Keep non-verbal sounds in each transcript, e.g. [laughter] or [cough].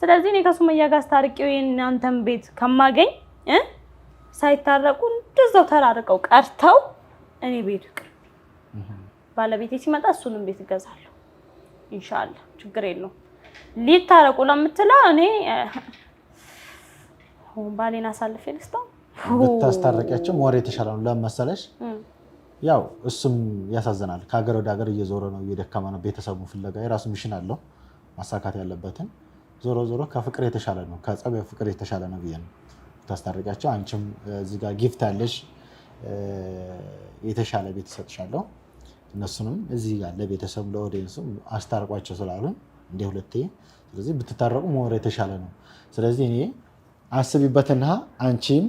ስለዚህ እኔ ከሱመያ ጋር አስታርቂው የእናንተን ቤት ከማገኝ ሳይታረቁ እንደዛው ተራርቀው ቀርተው እኔ ቤቱ ይቅር። ባለቤቴ ሲመጣ እሱንም ቤት እገዛለሁ። ኢንሻአላህ ችግር የለውም። ሊታረቁ ለምትለው እኔ ባሌን አሳልፌ ልስጠው። ብታስታረቂያቸው ወሬ የተሻለ ነው። ለምን መሰለሽ? ያው እሱም ያሳዝናል። ከሀገር ወደ ሀገር እየዞረ ነው፣ እየደከመ ነው። ቤተሰቡ ፍለጋ የራሱ ሚሽን አለው ማሳካት ያለበትን ዞሮ ዞሮ ከፍቅር የተሻለ ነው፣ ከጸብ ፍቅር የተሻለ ነው ብዬ ነው ታስታርቂያቸው። አንቺም እዚህ ጋር ጊፍት አለሽ፣ የተሻለ ቤት እሰጥሻለሁ። እነሱንም እዚህ ጋር ለቤተሰብ ለኦዲየንሱ አስታርቋቸው ስላሉ እንደ ሁለቴ። ስለዚህ ብትታረቁ መወር የተሻለ ነው። ስለዚህ እኔ አስቢበትና አንቺም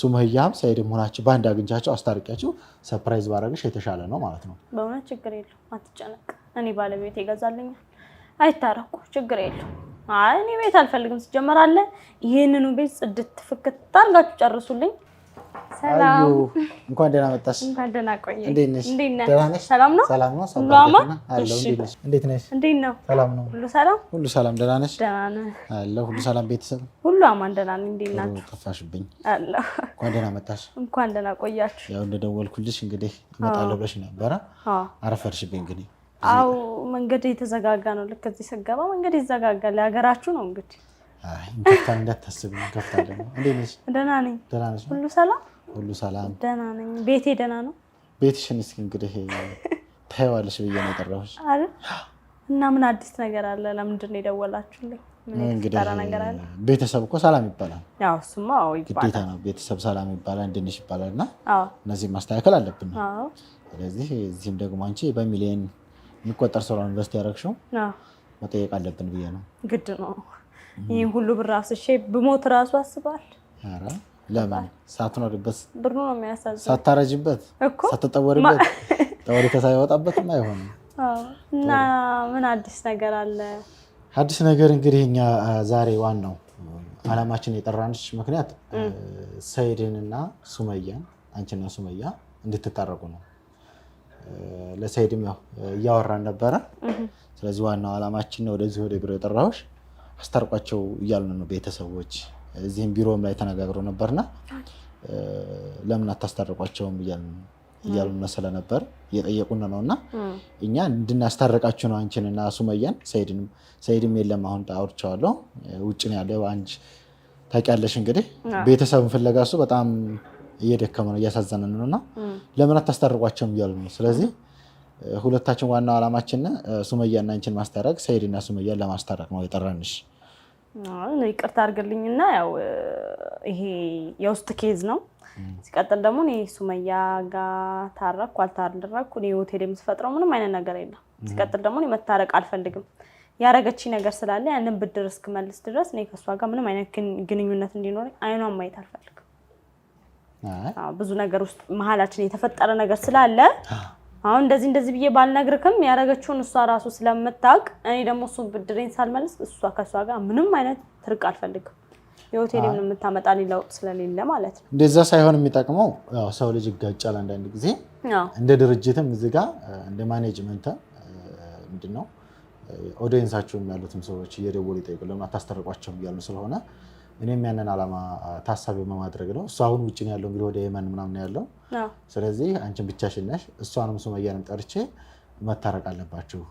ሱመያም ሰይድ መሆናቸው በአንድ አግኝቻቸው አስታርቂያቸው ሰርፕራይዝ ባረግሽ የተሻለ ነው ማለት ነው። በእውነት ችግር የለው አትጨነቅ። እኔ ባለቤት ይገዛልኛል። አይታረቁ ችግር የለው አይ እኔ ቤት አልፈልግም። ሲጀመር አለ ይሄንኑ ቤት ጽድት ፍክት አድርጋችሁ ጨርሱልኝ። ሰላም፣ እንኳን ደህና መጣሽ። እንኳን ደህና ቆየሽ። እንዴት ነሽ? ሰላም ነው? ሰላም ነው። እንዴት ነሽ? እንዴት ነው? ሰላም ነው። ሁሉ ሰላም፣ ሁሉ ሰላም። ደህና ነሽ? ደህና ነኝ አለሁ። ሁሉ ሰላም፣ ቤተሰብ ሁሉ አማን፣ ደህና ነኝ። እንዴት ናችሁ? ጠፋሽብኝ። አለሁ። እንኳን ደህና መጣሽ። እንኳን ደህና ቆያችሁ። ያው እንደደወልኩልሽ እንግዲህ እመጣለሁ ብለሽ ነበረ፣ አረፈድሽብኝ እንግዲህ አው መንገድ የተዘጋጋ ነው። ልክ እዚህ ስገባ መንገድ ይዘጋጋል። የሀገራችሁ ነው እንግዲህ እንዳታስብ እንከፍታለን። እንዴት ነሽ? ደህና ነኝ። ደህና ነሽ? ሁሉ ሰላም፣ ሁሉ ሰላም። ደህና ነኝ። ቤቴ ደህና ነው። ቤትሽን እስኪ እንግዲህ ታይዋለሽ ብዬ ነው የጠራሁሽ እና ምን አዲስ ነገር አለ? ለምንድን ነው የደወላችሁልኝ? ቤተሰብ እኮ ሰላም ይባላል። ግዴታ ነው። ቤተሰብ ሰላም ይባላል፣ እንድንሽ ይባላል። እና እነዚህ ማስተካከል አለብን። ስለዚህ እዚህም ደግሞ አንቺ በሚሊየን የሚቆጠር ስራ ዩኒቨርስቲ ያደረግሽው መጠየቅ አለብን ብዬ ነው። ግድ ነው። ይህ ሁሉ ብር አፍስሼ ብሞት ራሱ አስባል። ለምን ሳትኖሪበት ብሩ ነው የሚያሳዝን። ሳታረጅበት ሳትጠወሪበት [laughs] ጠወሪተ ሳይወጣበትም አይሆንም። እና ምን አዲስ ነገር አለ? አዲስ ነገር እንግዲህ እኛ ዛሬ ዋናው አላማችን የጠራንች ምክንያት ሰይድንና ሱመያን አንቺና ሱመያ እንድትታረቁ ነው። ለሰይድም ያው እያወራን ነበረ። ስለዚህ ዋናው ነው ወደዚህ ወደ ቢሮ የጠራሁሽ አስታርቋቸው እያሉ ነው ቤተሰቦች። እዚህም ቢሮም ላይ ተነጋግሮ ነበርና ለምን አታስታርቋቸውም እያሉ እያሉን ስለነበር እየጠየቁን ነው። እና እኛ እንድናስታርቃችሁ ነው አንቺን እና ሱመያን። ሰይድም የለም አሁን አውርቼዋለሁ፣ ውጭ ነው ያለው። አንቺ ታውቂያለሽ እንግዲህ ቤተሰብን ፍለጋ እሱ በጣም እየደከመ ነው፣ እያሳዘነን ነው እና ለምን አታስታርቋቸውም እያሉ ነው። ስለዚህ ሁለታችን ዋናው ሱመያ ሱመያና አንቺን ማስታረቅ፣ ሰይድና ሱመያን ለማስታረቅ ነው የጠራንሽ። ይቅርታ አድርግልኝና ያው ይሄ የውስጥ ኬዝ ነው። ሲቀጥል ደግሞ እኔ ሱመያ ጋር ታረኩ አልታረኩ እኔ ሆቴል የምትፈጥረው ምንም አይነት ነገር የለም። ሲቀጥል ደግሞ እኔ መታረቅ አልፈልግም። ያረገች ነገር ስላለ ያንን ብድር እስክመልስ ድረስ እኔ ከእሷ ጋር ምንም አይነት ግንኙነት እንዲኖረኝ አይኗን ማየት አልፈልግም። ብዙ ነገር ውስጥ መሀላችን የተፈጠረ ነገር ስላለ አሁን እንደዚህ እንደዚህ ብዬ ባልነግርክም ያደረገችውን እሷ ራሱ ስለምታውቅ እኔ ደግሞ እሱ ብድሬን ሳልመልስ እሷ ከእሷ ጋር ምንም አይነት ትርቅ አልፈልግም። የሆቴል ምን የምታመጣ ለውጥ ስለሌለ ማለት ነው። እንደዛ ሳይሆን የሚጠቅመው ሰው ልጅ ይጋጫል አንዳንድ ጊዜ። እንደ ድርጅትም እዚህ ጋ እንደ ማኔጅመንት ምንድነው ኦዲየንሳቸውም ያሉትም ሰዎች እየደወሉ ይጠይቁ ለምን አታስታርቋቸውም እያሉ ስለሆነ እኔም ያንን ዓላማ ታሳቢ በማድረግ ነው። እሱ አሁን ውጭ ነው ያለው እንግዲህ ወደ የመን ምናምን ያለው። ስለዚህ አንቺን ብቻሽን ነሽ፣ እሷንም ሱመያንም ጠርቼ መታረቅ አለባችሁ።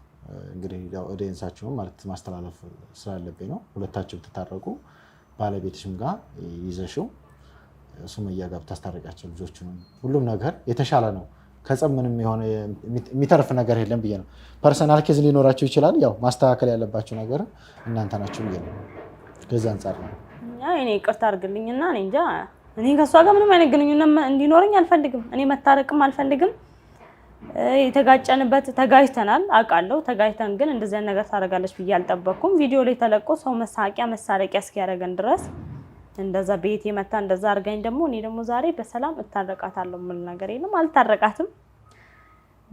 እንግዲህ ኦዲየንሳችሁም ማለት ማስተላለፍ ስላለብኝ ነው። ሁለታችሁ ብትታረቁ ባለቤትሽም ጋር ይዘሽው ሱመያ ጋር ብታስታረቂያቸው ልጆቹንም ሁሉም ነገር የተሻለ ነው። ከጸብ ምንም የሆነ የሚተርፍ ነገር የለም ብዬ ነው። ፐርሰናል ኬዝ ሊኖራቸው ይችላል። ያው ማስተካከል ያለባቸው ነገር እናንተ ናቸው ብዬ ነው። ከዚህ አንጻር ነው እኔ ይቅርታ አድርግልኝና እኔ እንጃ እኔ ከእሷ ጋር ምንም አይነት ግንኙነት እንዲኖረኝ አልፈልግም። እኔ መታረቅም አልፈልግም። የተጋጨንበት ተጋጅተናል፣ አውቃለሁ። ተጋጅተን ግን እንደዚህ አይነት ነገር ታደርጋለች ብዬ አልጠበቅኩም። ቪዲዮ ላይ ተለቆ ሰው መሳቂያ መሳለቂያ እስኪያደርገን ድረስ እንደዛ ቤት የመታ እንደዛ አድርጋኝ ደግሞ እኔ ደግሞ ዛሬ በሰላም እታረቃታለሁ የምል ነገር የለም። አልታረቃትም።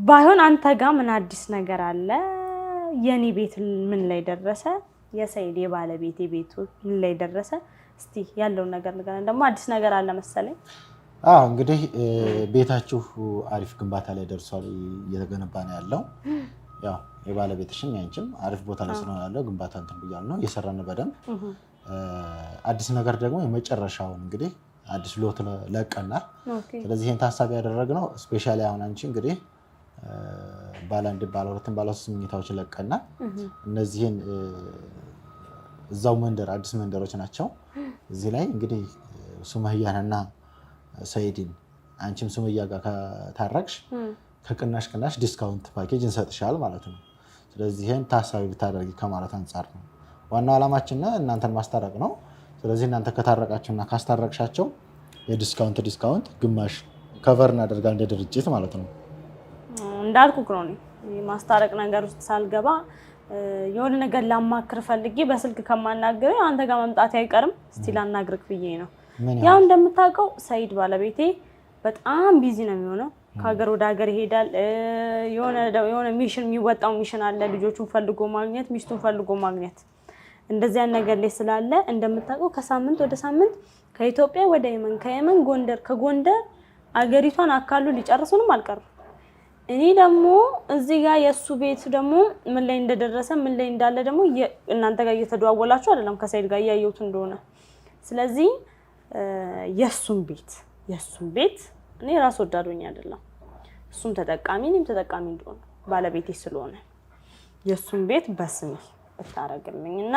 ባይሆን አንተ ጋር ምን አዲስ ነገር አለ? የኔ ቤት ምን ላይ ደረሰ? የሰይድ የባለቤቴ ቤት ምን ላይ ደረሰ? እስቲ ያለውን ነገር ንገረን። ደግሞ አዲስ ነገር አለ መሰለኝ። አዎ እንግዲህ ቤታችሁ አሪፍ ግንባታ ላይ ደርሷል፣ እየተገነባ ነው ያለው። ያው የባለቤትሽም ያንቺም አሪፍ ቦታ ላይ ስለሆነ ያለው ግንባታ እንትን ብያለሁ ነው እየሰራን በደንብ። አዲስ ነገር ደግሞ የመጨረሻውን እንግዲህ አዲስ ሎት ለቀናል። ስለዚህ ይህን ታሳቢ ያደረግነው ስፔሻሊ አሁን አንቺ እንግዲህ ባለ አንድ ባለ ሁለትን ባለ ሶስት ምኝታዎች ለቀናል። እነዚህን እዛው መንደር አዲስ መንደሮች ናቸው። እዚህ ላይ እንግዲህ ሱመህያንና ሰይድን አንቺም ሱመያ ጋር ከታረቅሽ ከቅናሽ ቅናሽ ዲስካውንት ፓኬጅ እንሰጥሻል ማለት ነው። ስለዚህ ይህን ታሳቢ ብታደርጊ ከማለት አንጻር ነው። ዋናው ዓላማችን እናንተን ማስታረቅ ነው። ስለዚህ እናንተ ከታረቃችሁና ካስታረቅሻቸው የዲስካውንት ዲስካውንት ግማሽ ከቨር እናደርጋል እንደ ድርጅት ማለት ነው። እንዳልኩ ነው ማስታረቅ ነገር ውስጥ ሳልገባ የሆነ ነገር ላማክር ፈልጌ በስልክ ከማናገር አንተ ጋር መምጣት አይቀርም እስቲ ላናግርክ ብዬ ነው። ያው እንደምታውቀው ሰይድ ባለቤቴ በጣም ቢዚ ነው የሚሆነው። ከሀገር ወደ ሀገር ይሄዳል። የሆነ ሚሽን የሚወጣው ሚሽን አለ፣ ልጆቹን ፈልጎ ማግኘት፣ ሚስቱን ፈልጎ ማግኘት እንደዚያን ነገር ላይ ስላለ እንደምታውቀው ከሳምንት ወደ ሳምንት ከኢትዮጵያ ወደ የመን ከየመን ጎንደር ከጎንደር አገሪቷን አካሉ ሊጨርሱንም አልቀርም እኔ ደግሞ እዚህ ጋር የእሱ ቤት ደግሞ ምን ላይ እንደደረሰ ምን ላይ እንዳለ ደግሞ እናንተ ጋር እየተደዋወላችሁ አይደለም ከሰይድ ጋር እያየሁት እንደሆነ። ስለዚህ የእሱን ቤት የእሱን ቤት እኔ ራስ ወዳዶኝ አይደለም እሱም ተጠቃሚ እኔም ተጠቃሚ እንደሆነ ባለቤቴ ስለሆነ የእሱን ቤት በስሜ ብታረግልኝ እና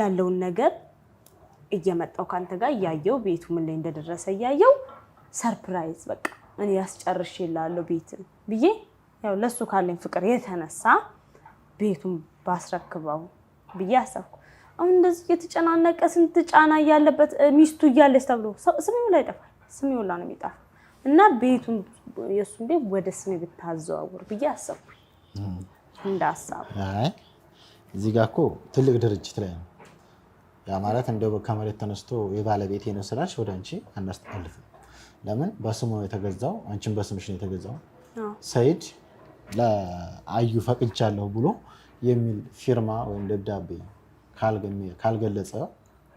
ያለውን ነገር እየመጣው ከአንተ ጋር እያየው ቤቱ ምን ላይ እንደደረሰ እያየው ሰርፕራይዝ በቃ እኔ ያስጨርሽ ይላለሁ ቤትን ብዬ ያው ለሱ ካለኝ ፍቅር የተነሳ ቤቱን ባስረክበው ብዬ አሰብኩ። አሁን እንደዚህ የተጨናነቀ ስንት ጫና እያለበት ሚስቱ እያለች ተብሎ ስሜ ሁላ ይጠፋል። ስሜ ሁላ ነው የሚጠፋ እና ቤቱን የእሱን ቤት ወደ ስሜ ብታዘዋውር ብዬ አሰብኩ። እንደ ሀሳብ እዚህ ጋ እኮ ትልቅ ድርጅት ላይ ነው ያ ማለት እንደው ከመሬት ተነስቶ የባለቤቴ ነው ስላልሽ ወደ አንቺ አናስተላልፍም ለምን በስሙ ነው የተገዛው፣ አንቺን በስምሽ ነው የተገዛው። ሰይድ ለአዩ ፈቅጃለሁ ብሎ የሚል ፊርማ ወይም ደብዳቤ ካልገለጸ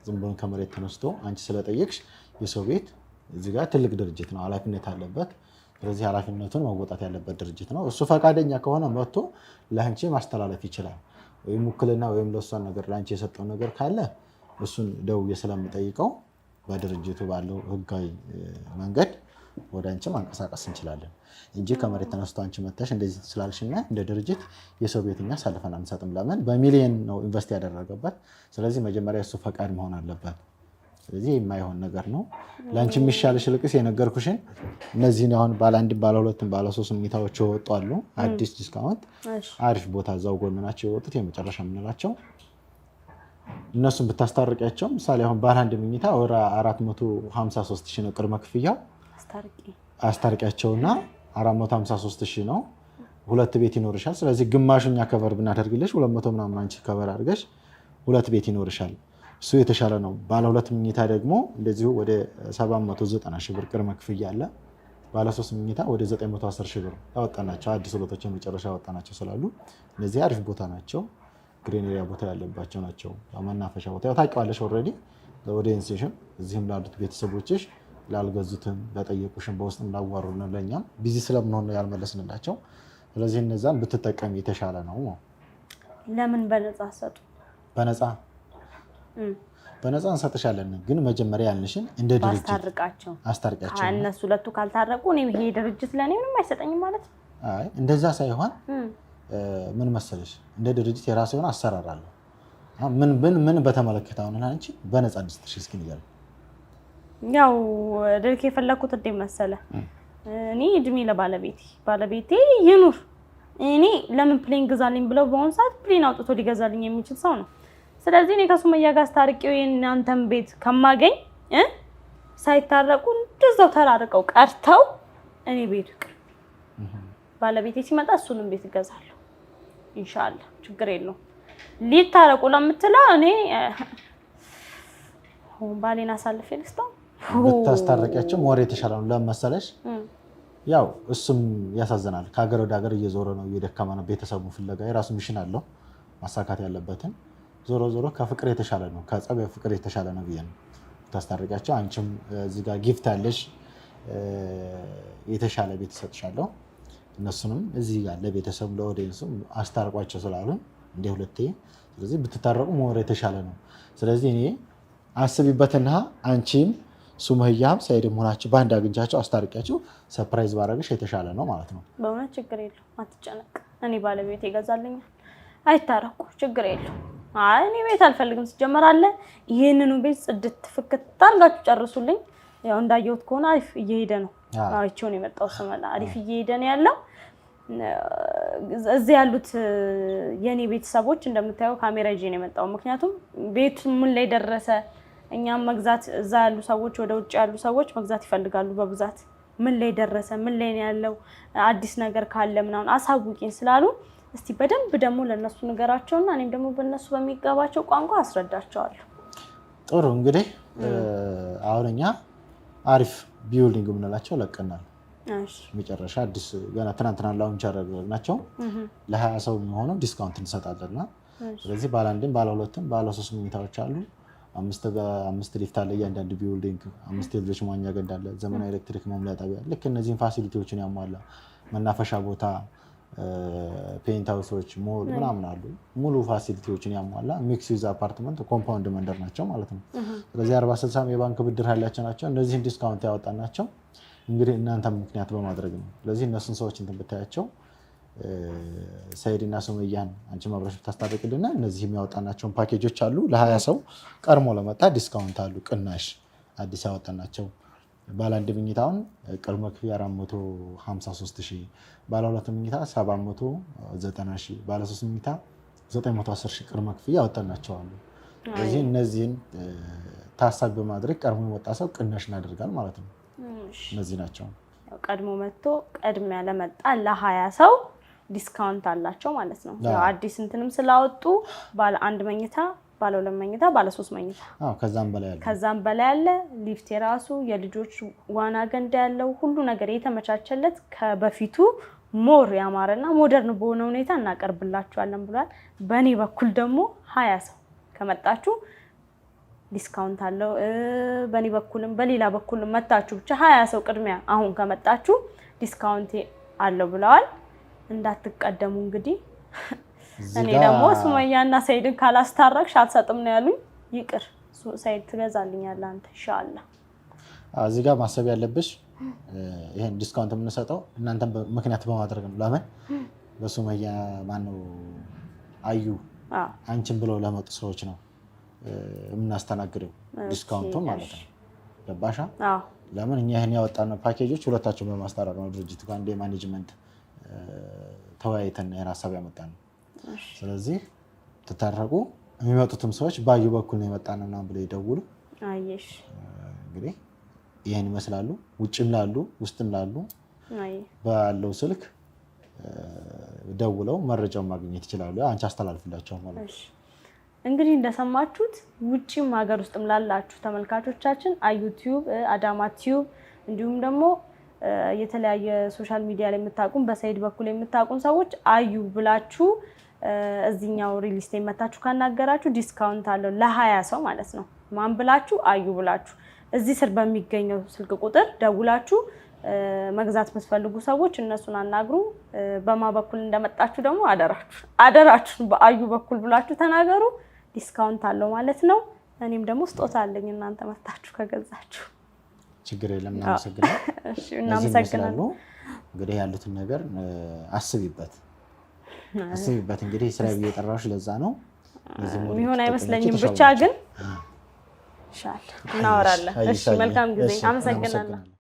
ዝም ብሎ ከመሬት ተነስቶ አንቺ ስለጠየቅሽ የሰው ቤት እዚህ ጋር ትልቅ ድርጅት ነው፣ ኃላፊነት አለበት። ስለዚህ ኃላፊነቱን መወጣት ያለበት ድርጅት ነው። እሱ ፈቃደኛ ከሆነ መጥቶ ለአንቺ ማስተላለፍ ይችላል። ወይም ውክልና ወይም ለእሷን ነገር ለአንቺ የሰጠው ነገር ካለ እሱን ደውዬ ስለምጠይቀው በድርጅቱ ባለው ህጋዊ መንገድ ወደ አንቺ ማንቀሳቀስ እንችላለን እንጂ ከመሬት ተነስቶ አንቺ መተሽ እንደዚህ ስላልሽና እንደ ድርጅት የሰው ቤትኛ አሳልፈን አንሰጥም። ለምን በሚሊየን ነው ኢንቨስት ያደረገበት። ስለዚህ መጀመሪያ እሱ ፈቃድ መሆን አለበት። ስለዚህ የማይሆን ነገር ነው። ለአንቺ የሚሻልሽ ልቅስ የነገርኩሽን እነዚህን አሁን ባለ አንድ ባለ ሁለትም ባለ ሶስት ሚታዎች የወጡ አሉ። አዲስ ዲስካውንት አሪፍ ቦታ እዛው ጎን ናቸው የወጡት የመጨረሻ የምንላቸው እነሱን ብታስታርቂያቸው ምሳሌ አሁን ባለ አንድ መኝታ ወር 453 ሺህ ነው ቅድመ ክፍያው። አስታርቂያቸውና 453 ሺህ ነው። ሁለት ቤት ይኖርሻል። ስለዚህ ግማሹኛ ከቨር ብናደርግልሽ 200 ምናምን አንቺ ከበር አድርገሽ ሁለት ቤት ይኖርሻል። እሱ የተሻለ ነው። ባለ ሁለት መኝታ ደግሞ እንደዚሁ ወደ 790 ሺህ ብር ቅድመ ክፍያ አለ። ባለ ሶስት መኝታ ወደ 910 ሺህ ብር ያወጣናቸው አዲስ ሎቶች የመጨረሻ ያወጣናቸው ስላሉ እነዚህ አሪፍ ቦታ ናቸው። ግሪን ኤሪያ ቦታ ያለባቸው ናቸው። መናፈሻ ቦታ ያው ታውቂዋለሽ ኦልሬዲ ለኦዲየንሴሽን እዚህም ላሉት ቤተሰቦችሽ ላልገዙትም ለጠየቁሽም በውስጥም ላዋሩን ለእኛም ቢዚ ስለምንሆን ያልመለስንላቸው። ስለዚህ እነዛን ብትጠቀም የተሻለ ነው። ለምን በነፃ ሰጡ? በነፃ በነፃ እንሰጥሻለን፣ ግን መጀመሪያ ያልንሽን እንደ ድርጅት አስታርቂያቸው። እነሱ ሁለቱ ካልታረቁ ይሄ ድርጅት ለእኔ ምንም አይሰጠኝም ማለት ነው። እንደዛ ሳይሆን ምን መሰለሽ እንደ ድርጅት የራሱ የሆነ አሰራር አለው። ምን ብን ምን በተመለከተ አሁን አንቺ በነፃ ድስትሽ እስኪ ንገሪኝ። ያው ድርክ የፈለኩት እንደ መሰለ እኔ እድሜ ለባለቤቴ ባለቤቴ ይኑር እኔ ለምን ፕሌን ግዛልኝ ብለው በአሁኑ ሰዓት ፕሌን አውጥቶ ሊገዛልኝ የሚችል ሰው ነው። ስለዚህ እኔ ከሱመያ ጋር አስታርቄው የእናንተን ቤት ከማገኝ ሳይታረቁ እንደዛው ተራርቀው ቀርተው እኔ ቤቱ ይቅር፣ ባለቤቴ ሲመጣ እሱንም ቤት እገዛለሁ። ኢንሻአላ ችግር የለውም። ሊታረቁ ለምትለው እኔ ባሌን አሳልፌ ልስጠው ብታስታረቂያቸው ወር የተሻለ ነው። ለምን መሰለሽ? ያው እሱም ያሳዝናል። ከሀገር ወደ ሀገር እየዞረ ነው፣ እየደከመ ነው። ቤተሰቡ ፍለጋ የራሱ ሚሽን አለው ማሳካት ያለበትን። ዞሮ ዞሮ ከፍቅር የተሻለ ነው፣ ከጸብ ፍቅር የተሻለ ነው ብዬ ነው ብታስታረቂያቸው። አንቺም እዚህ ጋር ጊፍት ያለሽ የተሻለ ቤት እሰጥሻለሁ። እነሱንም እዚህ ጋር ለቤተሰብ ለኦዲየንሱ አስታርቋቸው ስላሉ እንደ ሁለቴ። ስለዚህ ብትታረቁ መወር የተሻለ ነው። ስለዚህ እኔ አስቢበትና አንቺም ሱመያም ሳይድ ሆናችሁ በአንድ አግኝቻቸው አስታርቂያችሁ ሰርፕራይዝ ባረግሽ የተሻለ ነው ማለት ነው። በእውነት ችግር የለው አትጨነቅ። እኔ ባለቤት ይገዛልኛል። አይታረቁ ችግር የለው። እኔ ቤት አልፈልግም። ሲጀመር አለ ይህንኑ ቤት ጽድት ፍክት አድርጋችሁ ጨርሱልኝ። ያው እንዳየሁት ከሆነ አሪፍ እየሄደ ነው። አይቼው ነው የመጣው ስመጣ አሪፍ እየሄደ ነው ያለው። እዚህ ያሉት የኔ ቤተሰቦች እንደምታየው ካሜራ ይዤ ነው የመጣው። ምክንያቱም ቤቱ ምን ላይ ደረሰ፣ እኛም መግዛት እዛ ያሉ ሰዎች፣ ወደ ውጭ ያሉ ሰዎች መግዛት ይፈልጋሉ በብዛት ምን ላይ ደረሰ፣ ምን ላይ ያለው፣ አዲስ ነገር ካለ ምናምን አሳውቂን ስላሉ እስቲ በደንብ ደግሞ ለእነሱ እና እኔም ደግሞ በእነሱ በሚገባቸው ቋንቋ አስረዳቸዋለሁ። ጥሩ እንግዲህ አሁን እኛ አሪፍ ቢውልዲንግ የምንላቸው ለቀናል። መጨረሻ አዲስ ገና ትናንትና ላውንች ያደረግናቸው ለሀያ ሰው የሚሆነው ዲስካውንት እንሰጣለንና ስለዚህ ባለ አንድም ባለ ሁለትም ባለ ሶስት መኝታዎች አሉ። አምስት ሊፍት አለ እያንዳንድ ቢውልዲንግ፣ አምስት የልጆች መዋኛ ገንዳ አለ፣ ዘመናዊ ኤሌክትሪክ መሙያ ጣቢያ፣ ልክ እነዚህን ፋሲሊቲዎችን ያሟላ መናፈሻ ቦታ ሀውሶች ሞል ምናምን አሉ። ሙሉ ፋሲሊቲዎችን ያሟላ ሚክስ ዩዝ አፓርትመንት ኮምፓውንድ መንደር ናቸው ማለት ነው። ስለዚህ አርባ ስልሳም የባንክ ብድር ያላቸው ናቸው። እነዚህን ዲስካውንት ናቸው እንግዲህ እናንተ ምክንያት በማድረግ ነው። ስለዚህ እነሱን ሰዎች እንትን ብታያቸው ሰይድ እና ሱመያን አንቺ ማብራሽ ብታስታርቅልና እነዚህ የሚያወጣናቸውን ፓኬጆች አሉ። ለሀያ ሰው ቀድሞ ለመጣ ዲስካውንት አሉ፣ ቅናሽ አዲስ ያወጣናቸው ባለ አንድ መኝታውን ቅድመ ክፍያ 453 ሺ፣ ባለ ሁለት ምኝታ 790 ሺ፣ ባለ ሶስት ምኝታ 910 ሺ ቅድመ ክፍያ ያወጣናቸዋሉ። ስለዚህ እነዚህን ታሳቢ በማድረግ ቀድሞ የመጣ ሰው ቅናሽ እናደርጋል ማለት ነው። እነዚህ ናቸው። ቀድሞ መጥቶ ቅድሚያ ለመጣ ለሀያ ሰው ዲስካውንት አላቸው ማለት ነው። አዲስ እንትንም ስላወጡ ባለ አንድ መኝታ ባለ ሁለት መኝታ፣ ባለ ሶስት መኝታ ከዛም በላይ ያለ ከዛም በላይ ያለ ሊፍት የራሱ የልጆች ዋና ገንዳ ያለው ሁሉ ነገር የተመቻቸለት ከበፊቱ ሞር ያማረና ሞደርን በሆነ ሁኔታ እናቀርብላችኋለን ብሏል። በእኔ በኩል ደግሞ ሀያ ሰው ከመጣችሁ ዲስካውንት አለው። በእኔ በኩልም በሌላ በኩልም መታችሁ ብቻ ሀያ ሰው ቅድሚያ አሁን ከመጣችሁ ዲስካውንት አለው ብለዋል። እንዳትቀደሙ እንግዲህ እኔ ደግሞ ሱመያና ሰይድን ካላስታረቅሽ አልሰጥም ነው ያሉኝ። ይቅር ሰይድ ትገዛልኛለህ አንተ ኢንሻላህ። እዚህ ጋር ማሰብ ያለብሽ ይህን ዲስካውንት የምንሰጠው እናንተን ምክንያት በማድረግ ነው። ለምን በሱመያ ማነው አዩ አንቺን ብለው ለመጡ ሰዎች ነው የምናስተናግደው ዲስካውንቱ ማለት ነው። ገባሻ? ለምን እኛ ይህን ያወጣን ፓኬጆች ሁለታቸውን በማስታረቅ ነው ድርጅት ጋር እንደ ማኔጅመንት ተወያይተን ይህን ሀሳብ ያመጣ ነው። ስለዚህ ትታረቁ፣ የሚመጡትም ሰዎች ባዩ በኩል ነው የመጣ ነው ብለው ይደውሉ። አየሽ እንግዲህ ይህን ይመስላሉ። ውጭም ላሉ ውስጥም ላሉ ባለው ስልክ ደውለው መረጃውን ማግኘት ይችላሉ። አንቺ አስተላልፍላቸው ማለት ነው። እንግዲህ እንደሰማችሁት ውጭም ሀገር ውስጥም ላላችሁ ተመልካቾቻችን አዩ ቲዩብ፣ አዳማ ቲዩብ እንዲሁም ደግሞ የተለያየ ሶሻል ሚዲያ ላይ የምታውቁን በሰይድ በኩል የምታውቁን ሰዎች አዩ ብላችሁ እዚህኛው ሪል ስቴት መታችሁ ካናገራችሁ ዲስካውንት አለው ለሀያ ሰው ማለት ነው። ማን ብላችሁ አዩ ብላችሁ እዚህ ስር በሚገኘው ስልክ ቁጥር ደውላችሁ መግዛት የምትፈልጉ ሰዎች እነሱን አናግሩ። በማ በኩል እንደመጣችሁ ደግሞ አደራችሁ አደራችሁን በአዩ በኩል ብላችሁ ተናገሩ። ዲስካውንት አለው ማለት ነው። እኔም ደግሞ ስጦታ አለኝ እናንተ መታችሁ ከገዛችሁ ችግር የለም። እናመሰግናል እናመሰግናሉ። እንግዲህ ያሉትን ነገር አስቢበት። አስቢበት እንግዲህ ስራ ብዬ ጠራሁሽ ለዛ ነው። የሚሆን አይመስለኝም ብቻ ግን ይሻል እናወራለን። መልካም ጊዜ። አመሰግናለሁ።